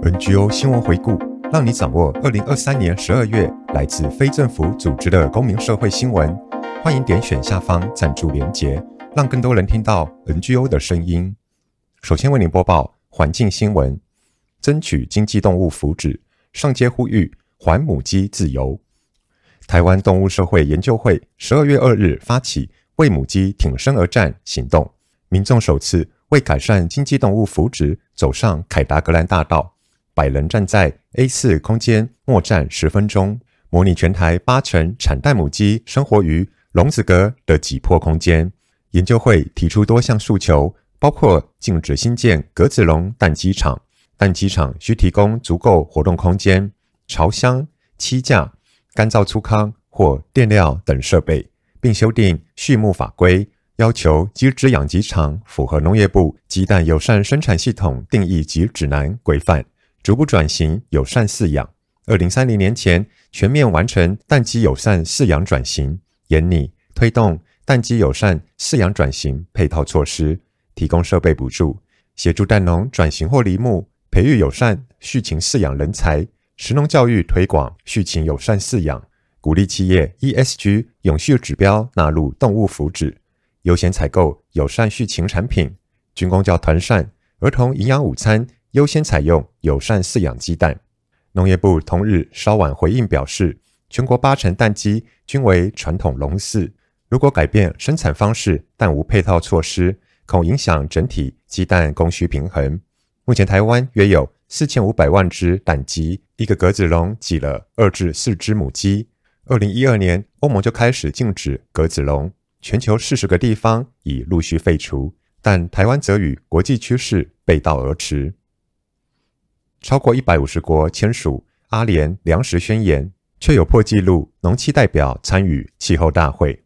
NGO 新聞回顧，讓你掌握二零二三年十二月來自非政府組織的公民社會新聞。歡迎點選下方贊助連結，讓更多人聽到 NGO 的聲音。首先為您播報環境新聞：爭取經濟動物福祉，上街呼籲還母雞自由。台灣動物社會研究會十二月二日發起為母雞挺身而戰行動，民眾首次為改善經濟動物福祉走上凱達格蘭大道。百人站在 A4 空間默站十分鐘，模擬全台八成產蛋母雞生活於籠子格的擠迫空間。研究會提出多項訴求，包括禁止新建格子籠蛋雞場，蛋雞場需提供足夠活動空間、巢箱、棲架、乾燥粗糠或墊料等設備，並修訂畜牧法規，要求雞只養雞場符合農業部雞蛋友善生產系統定義及指南規範。逐步轉型友善飼養，二零三零年前全面完成蛋雞友善飼養轉型。研擬推動蛋雞友善飼養轉型配套措施，提供設備補助，協助蛋農轉型或離牧，培育友善畜禽飼養人才，食農教育推廣畜禽友善飼養，鼓勵企業 ESG 永續指標納入動物福祉，優先採購友善畜禽產品，軍公教團膳，兒童營養午餐。優先採用友善飼養雞蛋。農業部同日稍晚回應表示，全國八成蛋雞均為傳統籠飼。如果改變生產方式，但無配套措施，恐影響整體雞蛋供需平衡。目前台灣約有四千五百萬隻蛋雞，一個格子籠擠了二至四隻母雞。二零一二年，歐盟就開始禁止格子籠，全球四十個地方已陸續廢除，但台灣則與國際趨勢背道而馳。超過一百五十國簽署《阿聯糧食宣言》，卻有破紀錄農企代表參與氣候大會。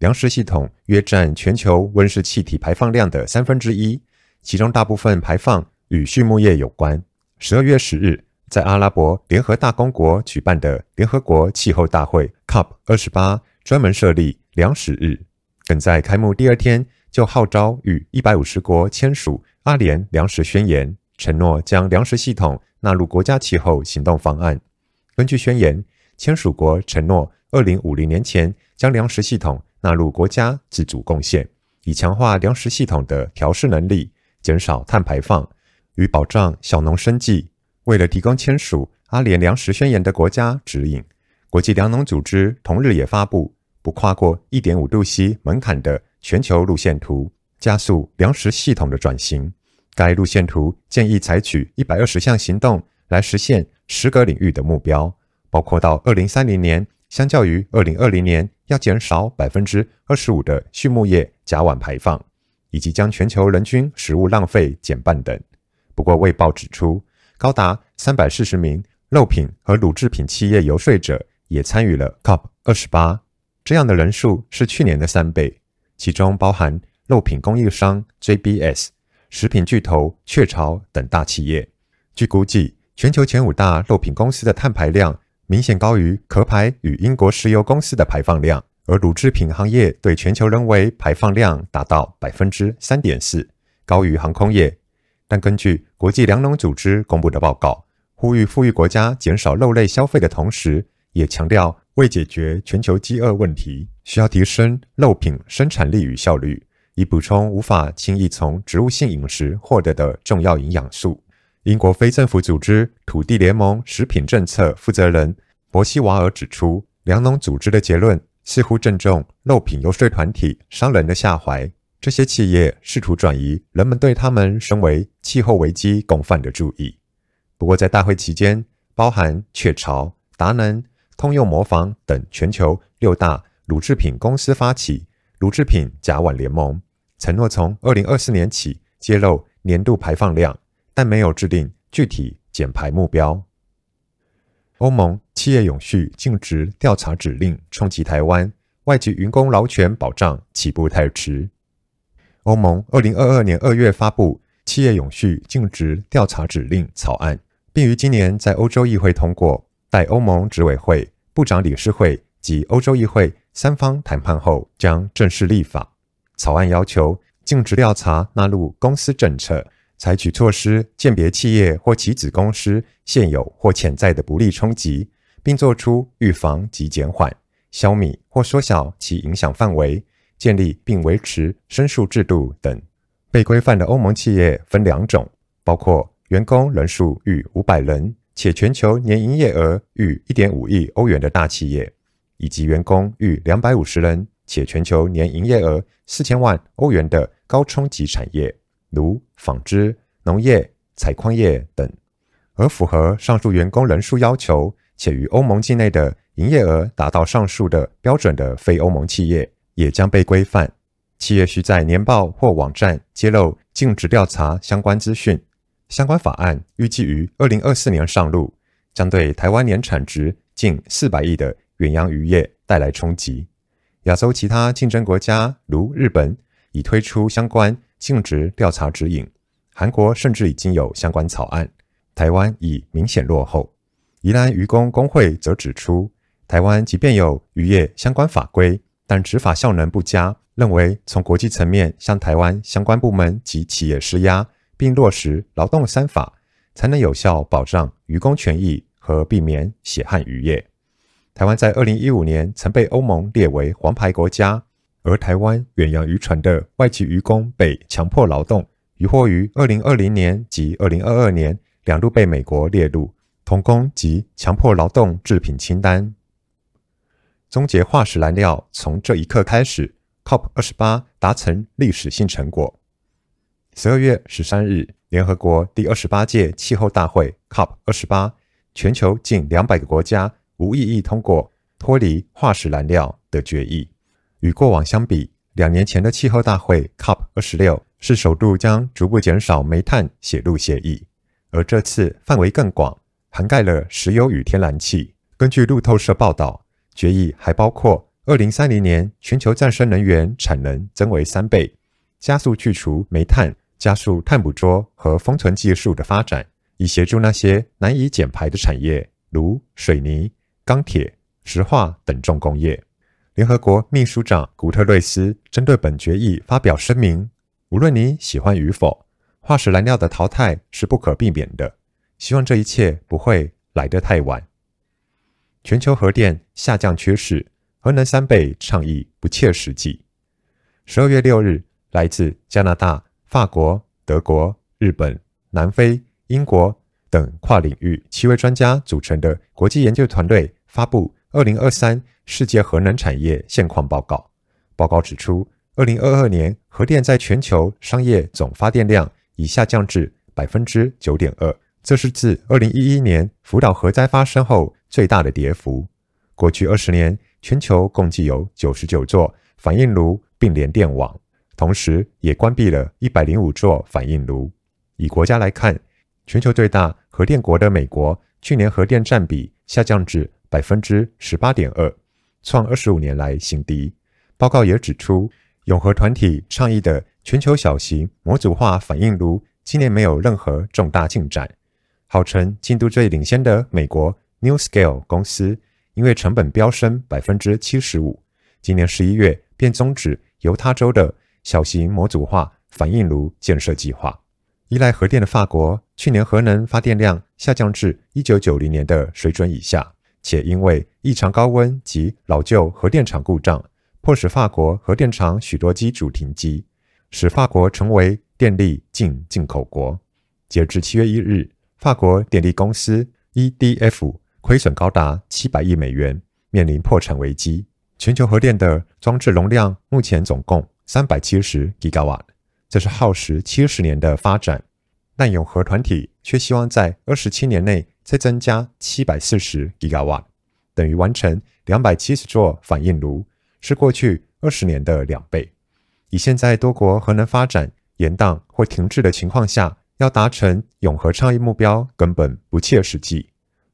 糧食系統約佔全球溫室氣體排放量的三分之一，3, 其中大部分排放與畜牧業有關。十二月十日，在阿拉伯聯合大公國舉辦的聯合國氣候大會 （COP 二十八）專門設立糧食日，等在開幕第二天就號召與一百五十國簽署《阿聯糧食宣言》。承諾將糧食系統納入國家氣候行動方案。根據宣言，簽署國承諾二零五零年前將糧食系統納入國家自主貢獻，以強化糧食系統的調適能力，減少碳排放與保障小農生計。為了提供簽署《阿聯糧食宣言》的國家指引，國際糧農組織同日也發布不跨過一點五度 C 門檻的全球路線圖，加速糧食系統的轉型。該路線圖建議採取一百二十項行動來實現十個領域的目標，包括到二零三零年相較於二零二零年要減少百分之二十五的畜牧業甲烷排放，以及將全球人均食物浪費減半等。不過，衛報指出，高達三百四十名肉品和乳製品企業遊說者也參與了 COP 二十八，這樣的人數是去年的三倍，其中包含肉品供應商 JBS。食品巨頭雀巢等大企業，據估計，全球前五大肉品公司的碳排量明顯高於殼牌與英國石油公司的排放量，而乳制品行業對全球人為排放量達到百分之三點四，高於航空業。但根據國際糧農組織公布的報告，呼籲富裕國家減少肉類消費的同時，也強調為解決全球飢餓問題，需要提升肉品生產力與效率。以補充無法輕易從植物性飲食獲得的重要營養素。英國非政府組織土地聯盟食品政策負責人博希瓦爾指出，糧農組織的結論似乎正中肉品遊說團體商人的下懷。這些企業試圖轉移人們對他們身為氣候危機共犯的注意。不過，在大會期間，包含雀巢、達能、通用磨坊等全球六大乳制品公司發起乳制品甲烷聯盟。.承諾從二零二四年起揭露年度排放量，但沒有制定具體減排目標。歐盟企業永續盡職調查指令衝擊台灣，外籍漁工勞權保障起步太遲。歐盟二零二二年二月發布企業永續盡職調查指令草案，並於今年在歐洲議會通過，待歐盟執委會、部長理事會及歐洲議會三方談判後，將正式立法。草案要求，盡職調查納入公司政策，採取措施鑑別企業或其子公司現有或潛在的不利衝擊，並做出預防及減緩、消弭、或縮小其影響範圍，建立並維持申訴制度等。被規範的歐盟企業分兩種，包括員工人數逾五百人且全球年營業額逾一點五億歐元的大企業，以及員工逾兩百五十人，且全球年營業額四千萬歐元的高衝擊產業，如紡織、農業、採礦業等。而符合上述員工人數要求且與歐盟境內的營業額達到上述的標準的非歐盟企業，也將被規範。企業需在年報或網站揭露盡職調查相關資訊。相關法案預計於二零二四年上路，將對台灣年產值近四百億的遠洋漁業帶來衝擊。亞洲其他競爭國家如日本已推出相關盡職調查指引，韓國甚至已經有相關草案，台灣已明顯落後。宜蘭漁工工會則指出，台灣即便有漁業相關法規，但執法效能不佳，認為從國際層面向台灣相關部門及企業施壓，並落實勞動三法，才能有效保障漁工權益和避免血汗漁業。台灣在二零一五年曾被歐盟列為黃牌國家，而台灣遠洋漁船的外籍漁工被強迫勞動，漁獲於二零二零年及二零二二年兩度被美國列入童工及強迫勞動製品清單。終結化石燃料，從這一刻開始。COP 二十八達成歷史性成果。十二月十三日，聯合國第二十八屆氣候大會 （COP 二十八）全球近兩百個國家。無異議通過脫離化石燃料的決議。與過往相比，兩年前的氣候大會 （COP 26） 是首度將逐步減少煤炭寫入協議，而這次範圍更廣，涵蓋了石油與天然氣。根據路透社報道，決議還包括：二零三零年全球再生能源產能增為三倍，加速去除煤炭，加速碳捕捉和封存技術的發展，以協助那些難以減排的產業，如水泥。鋼鐵、石化等重工業。聯合國秘書長古特瑞斯針對本決議發表聲明：“無論你喜歡與否，化石燃料的淘汰是不可避免的。希望這一切不會來得太晚。”全球核電下降趨勢，核能三倍倡議不切實際。十二月六日，來自加拿大、法國、德國、日本、南非、英國等跨領域七位專家組成的國際研究團隊。發布《二零二三世界核能產業現況報告》。報告指出，二零二二年核電在全球商業總發電量已下降至百分之九點二，這是自二零一一年福島核災發生後最大的跌幅。過去二十年，全球共計有九十九座反應爐並聯電網，同時也關閉了一百零五座反應爐。以國家來看，全球最大核電國的美國，去年核電占比下降至百分之十八點二，創二十五年來新低。報告也指出，擁核團體倡議的全球小型模組化反應爐今年沒有任何重大進展。號稱進度最領先的美國 NuScale 公司，因為成本飆升百分之七十五，今年十一月便終止猶他州的小型模組化反應爐建設計劃。依賴核電的法國，去年核能發電量下降至一九九零年的水準以下。且因為異常高溫及老舊核電廠故障，迫使法國核電廠許多機組停機，使法國成為電力淨進口國。截至七月一日，法國電力公司 EDF 虧損高達七百億美元，面臨破產危機。全球核電的裝置容量目前總共三百七十吉瓦，這是耗時七十年的發展，但擁核團體卻希望在二十七年內。再增加七百四十吉瓦，等於完成兩百七十座反應爐，是過去二十年的兩倍。以現在多國核能發展延宕或停滯的情況下，要達成永和倡議目標，根本不切實際。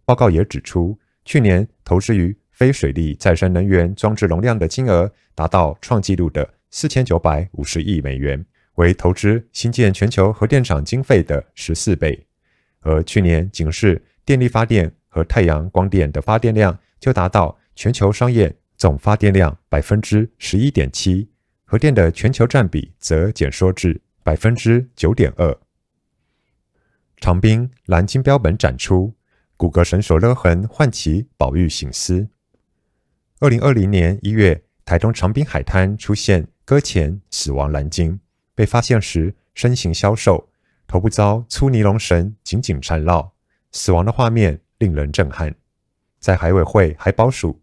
報告也指出，去年投資於非水力再生能源裝置容量的金額達到創紀錄的四千九百五十億美元，為投資新建全球核電廠經費的十四倍，而去年僅是。電力發電和太陽光電的發電量就達到全球商業總發電量百分之十一點七，核電的全球占比則減縮至百分之九點二。長濱藍鯨標本展出，骨骼繩索勒痕喚起保育省思。二零二零年一月，台東長濱海灘出現擱淺死亡藍鯨，被發現時身形消瘦，頭部遭粗尼龍繩緊緊纏繞。死亡的畫面令人震撼。在海委會海保署、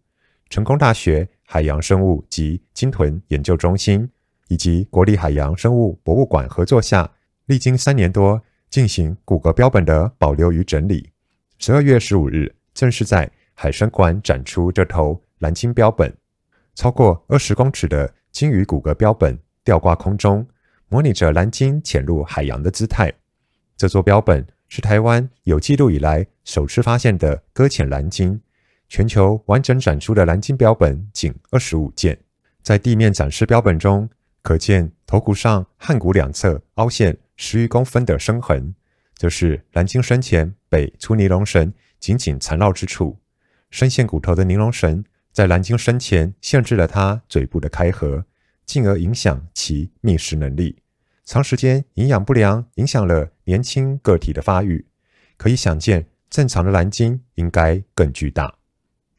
成功大學海洋生物及鯨豚研究中心以及國立海洋生物博物館合作下，歷經三年多進行骨骼標本的保留與整理。十二月十五日，正式在海生館展出這頭藍鯨標本，超過二十公尺的鯨魚骨骼標本吊掛空中，模擬着藍鯨潛入海洋的姿態。這座標本。是台灣有記錄以來首次發現的擱淺藍鯨。全球完整展出的藍鯨標本僅二十五件。在地面展示標本中，可見頭骨上頜骨兩側凹陷十餘公分的深痕，這，就是藍鯨生前被粗尼龍繩緊、緊緊纏繞之處。深陷骨頭的尼龍繩在藍鯨生前限制了它嘴部的開合，進而影響其覓食能力。長時間營養不良，影響了，年輕個體的發育，可以想見，正常的藍鯨應該更巨大。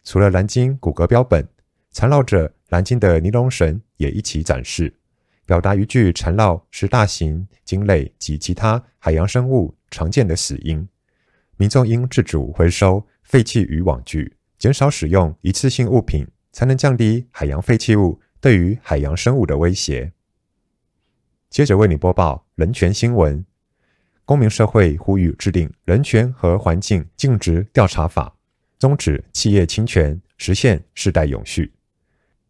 除了藍鯨骨骼標本，纏繞着藍鯨的尼龍繩也一起展示，表達漁具纏繞是大型鯨類及其他海洋生物常見的死因。民眾應自主回收廢棄漁網具，減少使用一次性物品，才能降低海洋廢棄物對於海洋生物的威脅。接着為你播報人權新聞。公民社會呼籲制定《人權和環境盡職調查法》，終止企業侵權，實現世代永續。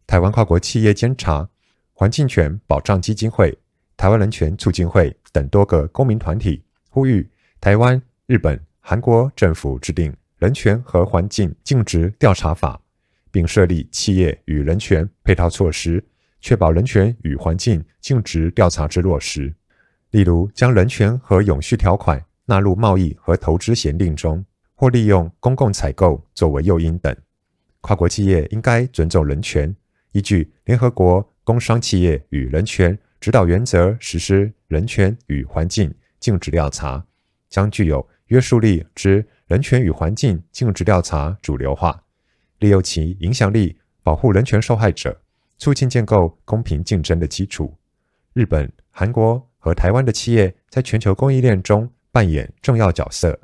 台灣跨國企業監察、環境權保障基金會、台灣人權促進會等多個公民團體呼籲台灣、日本、韓國政府制定《人權和環境盡職調查法》，並設立企業與人權配套措施，確保人權與環境盡職調查之落實。例如，將人權和永續條款納入貿易和投資協定中，或利用公共採購作為誘因等。跨國企業應該尊重人權，依據聯合國工商企業與人權指導原則實施人權與環境盡職調查，將具有約束力之人權與環境盡職調查主流化，利用其影響力保護人權受害者，促進建構公平競爭的基礎。日本、韓國、和台灣的企業在全球供應鏈中扮演重要角色，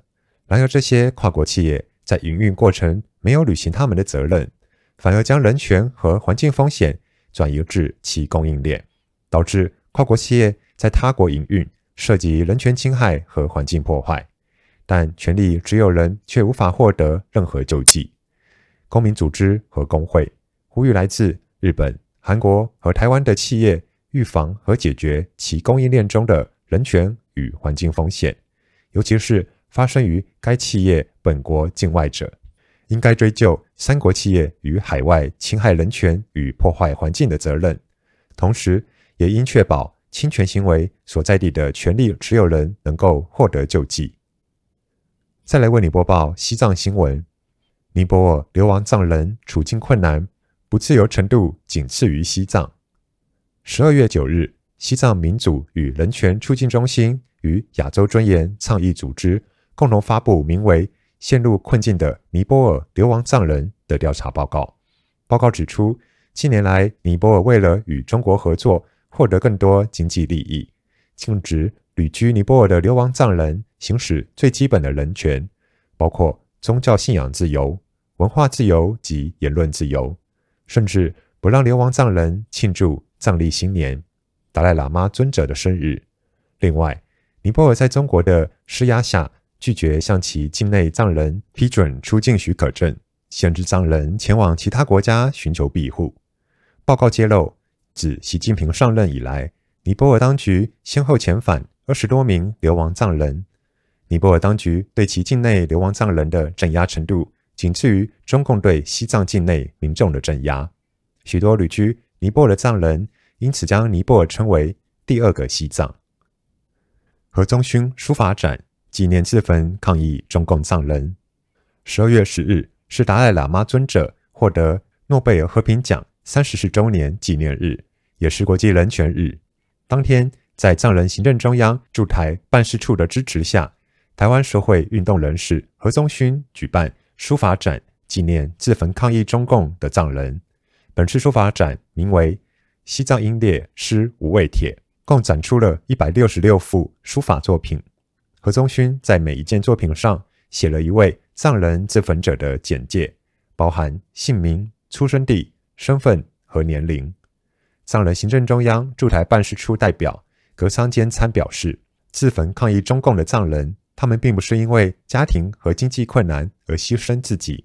然而這些跨國企業在營運過程沒有履行他們的責任，反而將人權和環境風險轉移至其供應鏈，導致跨國企業在他國營運涉及人權侵害和環境破壞，但權利持有人卻無法獲得任何救濟。公民組織和工會呼籲來自日本、韓國和台灣的企業。預防和解決其供應鏈中的人權與環境風險，尤其是發生於該企業本國境外者，應該追究三國企業與海外侵害人權與破壞環境的責任，同時也應確保侵權行為所在地的權利持有人能夠獲得救濟。再來為你播報西藏新聞：尼泊爾流亡藏人處境困難，不自由程度僅次於西藏。十二月九日，西藏民主與人權促進中心與亞洲尊嚴倡議組織共同發佈名為《陷入困境的尼泊爾流亡藏人》的調查報告。報告指出，近年來，尼泊爾為了與中國合作，獲得更多經濟利益，禁止旅居尼泊爾的流亡藏人行使最基本的人權，包括宗教信仰自由、文化自由及言論自由，甚至不讓流亡藏人慶祝。藏曆新年，達賴喇嘛尊者的生日。另外，尼泊爾在中國的施壓下，拒絕向其境內藏人批准出境許可證，限制藏人前往其他國家尋求庇護。報告揭露，自習近平上任以來，尼泊爾當局先後遣返二十多名流亡藏人。尼泊爾當局對其境內流亡藏人的鎮壓程度，僅次於中共對西藏境內民眾的鎮壓。許多旅居。尼泊爾的藏人因此將尼泊爾稱為“第二個西藏”。何宗勳書法展紀念自焚抗議中共藏人。十二月十日是達賴喇嘛尊者獲得諾貝爾和平獎三十四周年紀念日，也是國際人權日。當天，在藏人行政中央駐台辦事處的支持下，台灣社會運動人士何宗勳舉辦書法展，紀念自焚抗議中共的藏人。本次書法展名為《西藏英烈詩無畏帖》，共展出了一百六十六幅書法作品。何宗勳在每一件作品上寫了一位藏人自焚者的簡介，包含姓名、出生地、身份和年齡。藏人行政中央駐台辦事處代表格桑堅參表示：“自焚抗議中共的藏人，他們並不是因為家庭和經濟困難而犧牲自己，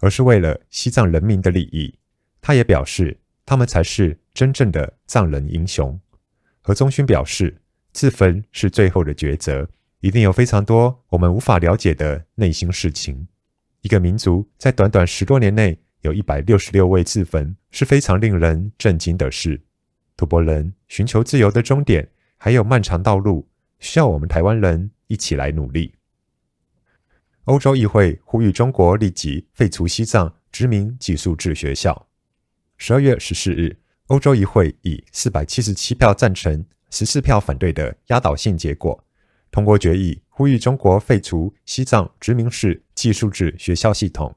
而是為了西藏人民的利益。”他也表示，他們才是真正的藏人英雄。何宗勳表示，自焚是最後的抉擇，一定有非常多我們無法了解的內心事情。一個民族在短短十多年內有一百六十六位自焚，是非常令人震驚的事。吐蕃人尋求自由的終點還有漫長道路，需要我們台灣人一起來努力。歐洲議會呼籲中國立即廢除西藏殖民寄宿制學校。十二月十四日，歐洲議會以四百七十七票贊成、十四票反對的壓倒性結果，通過決議，呼籲中國廢除西藏殖民式寄宿制學校系統。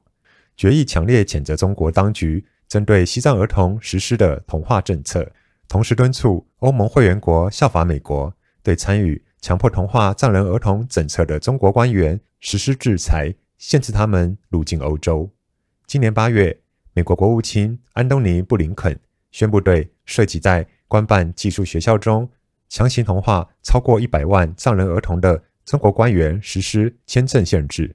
決議強烈譴責中國當局針對西藏兒童實施的同化政策，同時敦促歐盟會員國效法美國，對參與強迫同化藏人兒童政策的中國官員實施制裁，限制他們入境歐洲。今年八月，美國國務卿安東尼·布林肯宣佈，對涉及在官辦寄宿學校中強行同化超過一百萬藏人兒童的中國官員實施簽證限制。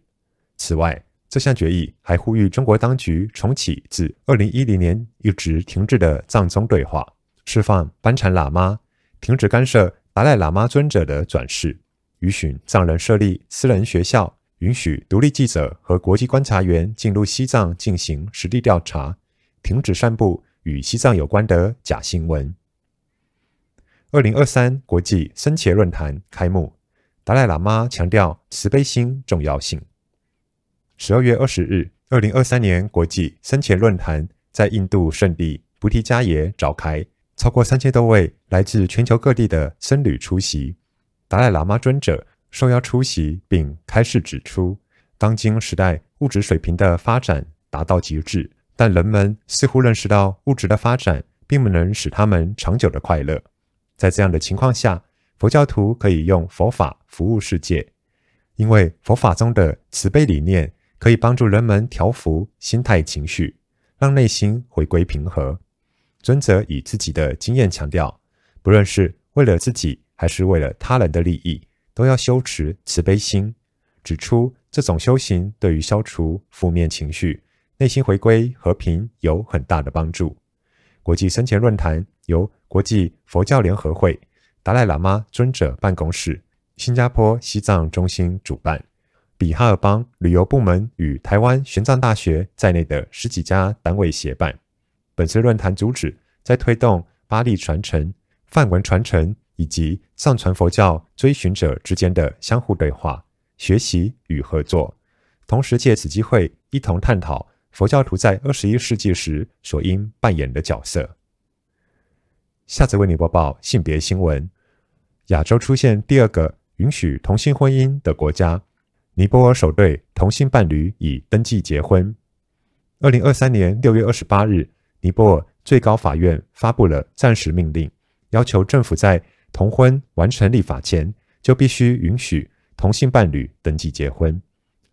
此外，這項決議還呼籲中國當局重啟自2010年一直停滯的藏中對話，釋放班禪喇嘛，停止干涉達賴喇嘛尊者的轉世，允許藏人設立私人學校。允許獨立記者和國際觀察員進入西藏進行實地調查，停止散布與西藏有關的假新聞。二零二三國際僧伽論壇開幕，達賴喇嘛強調慈悲心重要性。十二月二十日，二零二三年國際僧伽論壇在印度聖地菩提迦耶召開，超過三千多位來自全球各地的僧侶出席。達賴喇嘛尊者受邀出席並開示，指出當今時代物質水平的發展達到極致，但人們似乎認識到物質的發展並不能使他們長久的快樂。在這樣的情況下，佛教徒可以用佛法服務世界，因為佛法中的慈悲理念可以幫助人們調伏心態、情緒，讓內心回歸平和。尊者以自己的經驗強調，不論是為了自己還是為了他人的利益。都要修持慈悲心，指出這種修行對於消除負面情緒、內心回歸和平有很大的幫助。國際僧伽論壇由國際佛教聯合會、達賴喇嘛尊者辦公室、新加坡西藏中心主辦，比哈爾邦旅遊部門與台灣玄奘大學在內的十幾家單位協辦。本次論壇主旨在推動巴利傳承、梵文傳承。以及藏傳佛教追尋者之間的相互對話、學習與合作，同時借此機會一同探討佛教徒在二十一世紀時所應扮演的角色。下次為您播報性別新聞：亞洲出現第二個允許同性婚姻的國家——尼泊爾，首對同性伴侶已登記結婚。二零二三年六月二十八日，尼泊爾最高法院發布了暫時命令，要求政府在同婚完成立法前，就必須允許同性伴侶登記結婚。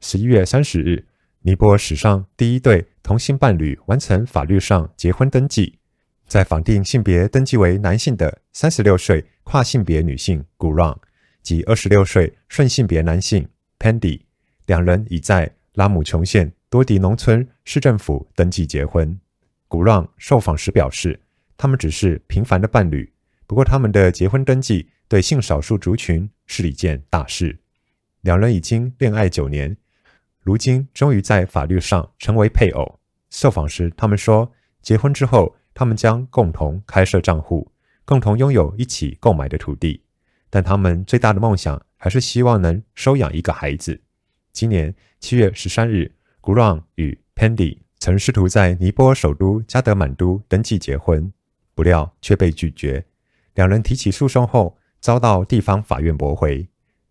十一月三十日，尼泊爾史上第一對同性伴侶完成法律上結婚登記。在法定性別登記為男性的三十六歲跨性別女性古朗及二十六歲順性別男性 Pandy，兩人已在拉姆瓊縣多迪農村市政府登記結婚。古朗受訪時表示，他們只是平凡的伴侶。不過，他們的結婚登記對性少數族群是一件大事。兩人已經戀愛九年，如今終於在法律上成為配偶。受訪時，他們說，結婚之後，他們將共同開設賬戶，共同擁有一起購買的土地。但他們最大的夢想還是希望能收養一個孩子。今年七月十三日，Gurung 與 Pandey 曾試圖在尼泊爾首都加德滿都登記結婚，不料卻被拒絕。兩人提起訴訟後，遭到地方法院駁回。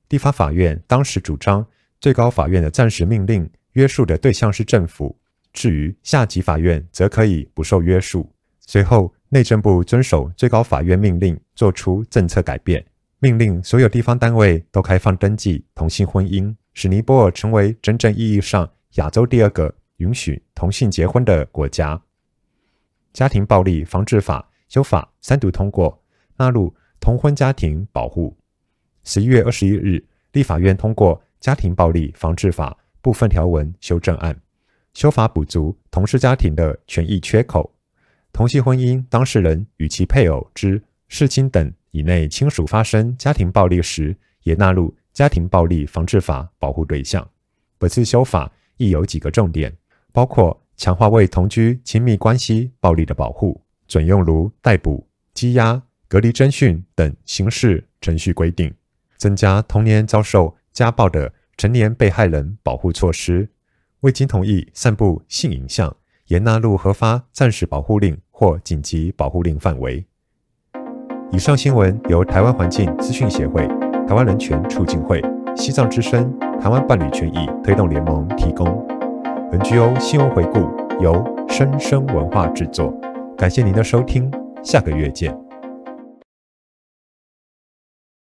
地方法院當時主張，最高法院的暫時命令約束的對象是政府，至於下級法院則可以不受約束。隨後，內政部遵守最高法院命令，做出政策改變，命令所有地方單位都開放登記同性婚姻，使尼泊爾成為真正意義上亞洲第二個允許同性結婚的國家。家庭暴力防治法修法三讀通過。納入同婚家庭保護。十一月二十一日，立法院通過《家庭暴力防治法》部分條文修正案，修法補足同志家庭的權益缺口。同性婚姻當事人與其配偶之室親等以內親屬發生家庭暴力時，也納入《家庭暴力防治法》保護對象。本次修法亦有幾個重點，包括強化未同居親密關係暴力的保護，準用如逮捕、羈押。隔離偵訊等刑事程序規定，增加童年遭受家暴的成年被害人保護措施。未經同意散布性影像，也納入核發暫時保護令或緊急保護令範圍。以上新聞由台灣環境資訊協會、台灣人權促進會、西藏之聲、台灣伴侶權益推動聯盟提供。NGO 新聞回顧由生聲文化制作。感謝您的收聽，下個月見。